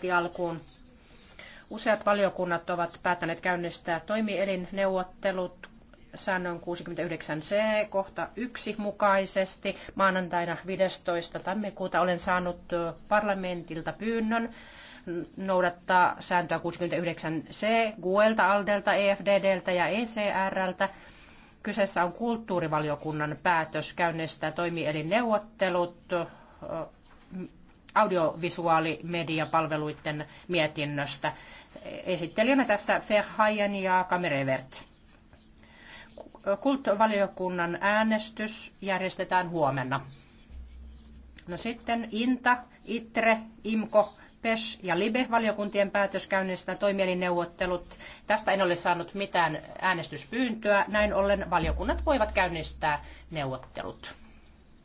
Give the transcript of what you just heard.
heti alkuun. Useat valiokunnat ovat päättäneet käynnistää toimielinneuvottelut säännön 69c kohta 1 mukaisesti. Maanantaina 15. tammikuuta olen saanut parlamentilta pyynnön noudattaa sääntöä 69c GUELta, ALDELta, EFDDltä ja ECRltä. Kyseessä on kulttuurivaliokunnan päätös käynnistää toimielinneuvottelut audiovisuaalimediapalveluiden mietinnöstä. Esittelijänä tässä Ferhajen ja Kamerevert. Kulttuurivaliokunnan äänestys järjestetään huomenna. No sitten INTA, ITRE, IMKO, PES ja LIBE-valiokuntien päätös käynnistää Tästä en ole saanut mitään äänestyspyyntöä. Näin ollen valiokunnat voivat käynnistää neuvottelut.